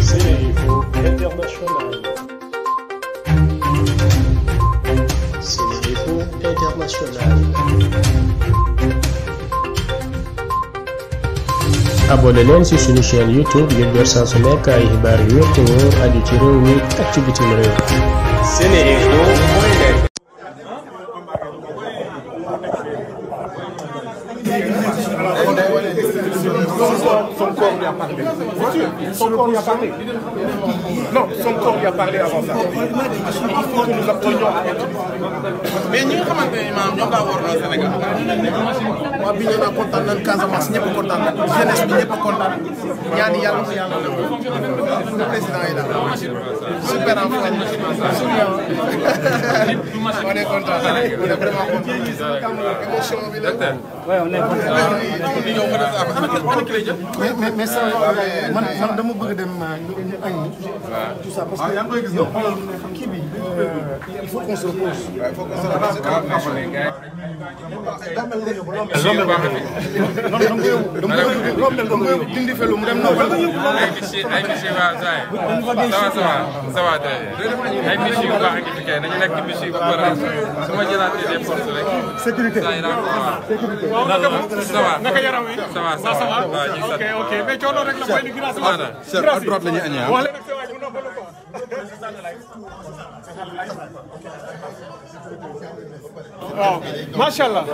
Sénéinfo International. Sénéinfo International. abonné leen ci suñu su nekk ay xibaar yu wér te wóor aju mi ak ci corps lui a parlé. C'est sûr, son corps lui a parlé. Non, son corps lui a parlé avant ça. il faut que nous apprenions à être. mais ñi nga xamante ne maanaam ñoom daa war na Sénégal. waa Bignona kontaan nañ Casamance ñëpp kontaan nañ jeunesse bi ñëpp kontaan ñaani yàlla na yàlla na ko président yi daal super en forme on est content on est vraiment content émotion bi la waaw on est content mais mais ça man man dama bëgg dem euh, ñu añ tout ça parce ah, que yaa ngi koy gis kii bi euh, il faut qu'on se repose. il faut qu'on se repose. waaw waaw waaw waaw waaw macha allah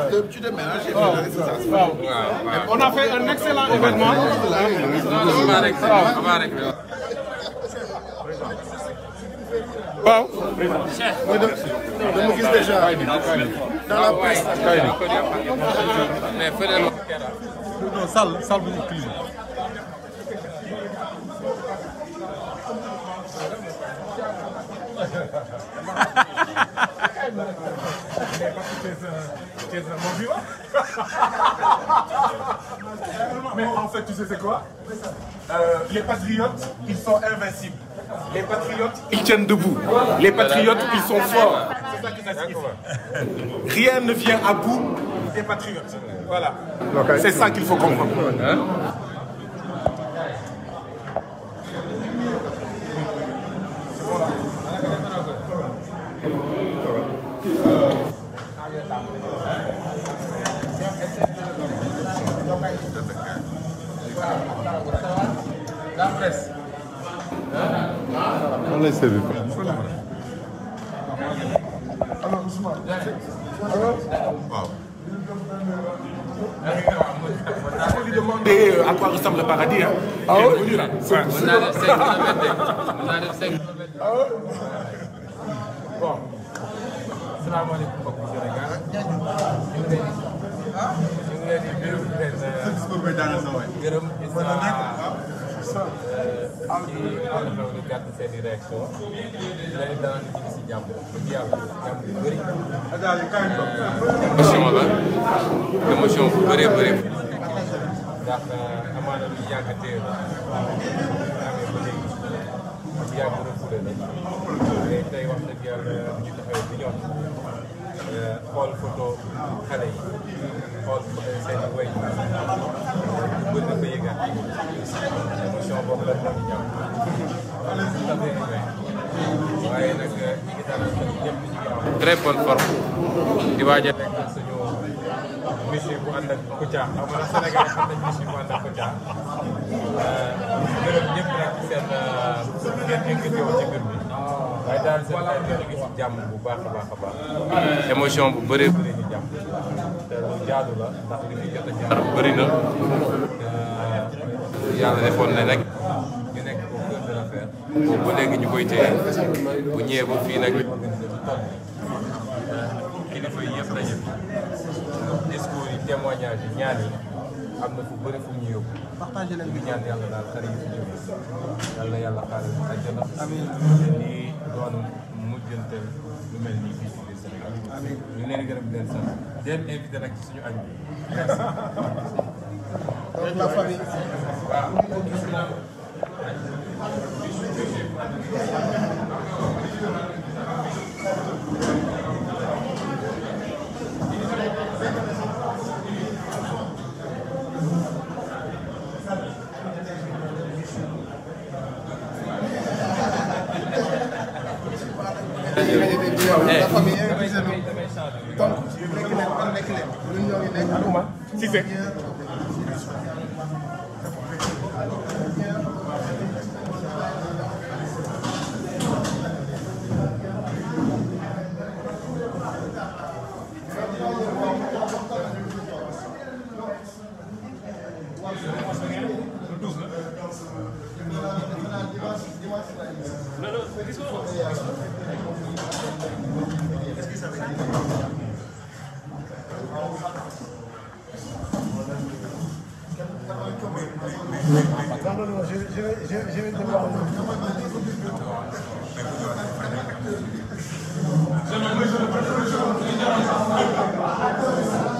waaw waaw on a fait un excellent événement. waaw. dama gis déjà dans la presse. non Sall Sall bu ñu Mais en fait, tu sais c'est quoi euh, Les patriotes, ils sont invincibles. Les patriotes, ils tiennent debout. Les patriotes, ils sont forts. C'est ça que ça signifie. Rien ne vient à bout des patriotes. Voilà. C'est ça qu'il faut comprendre. lan lay servir quoi. à quoi ressemble le paradis hein. ah oui bon. salaamaaleykum gërëm ci gàtt seen i réaction lay dalal ñu ci jàmm ci yàlla jàmm bu bëri émotion la émotion bu bëree bëri ndax euh, amaana lu yàgg tee la amee ba léegi lu yàgg refoulé la tey wax dëgg yàlla ñu taxawee bi ñoom xool photo xale yi xool seen way bëgg na ko yëgal émission boobu la doon ñëw waaye nag ñi ngi dara ñëpp ñu ngi très bonne forme di waaj a nekk suñu musique bu ànd ak Kouthia xam nga Sénégal xam nañ musique bu ànd ak Kouthia euh, gërëm ñëpp nag seen euh, ngeen yëngatoo ci mbir mi waaye daal seen xarit ñu si jàmm bu baax a baax a baax émotion bu bëree bëri ñu jàmm lu jaadu ndax li a jaar bëri na yàlla defoon na rek ñu nekk au cœur de l'affaire boobu ñu koy téye bu ñëwee ba fii nag kilifa yi yëpp daje discours yi témoignage yi ñaan yi am na fu bëri fu mu yóbbu yàlla daal yàlla doon mujjanteel lu mel nii fii ci biir Sénégal. amiin ñu leen gërëm di leen sant di leen invité nag ci suñu ak bi. merci. donc la famille. waaw. la eh. famille incluse nous donc nekk leen kon nekk leen ñun ñoo ngi nekk Ouma Cissé Non, non, Je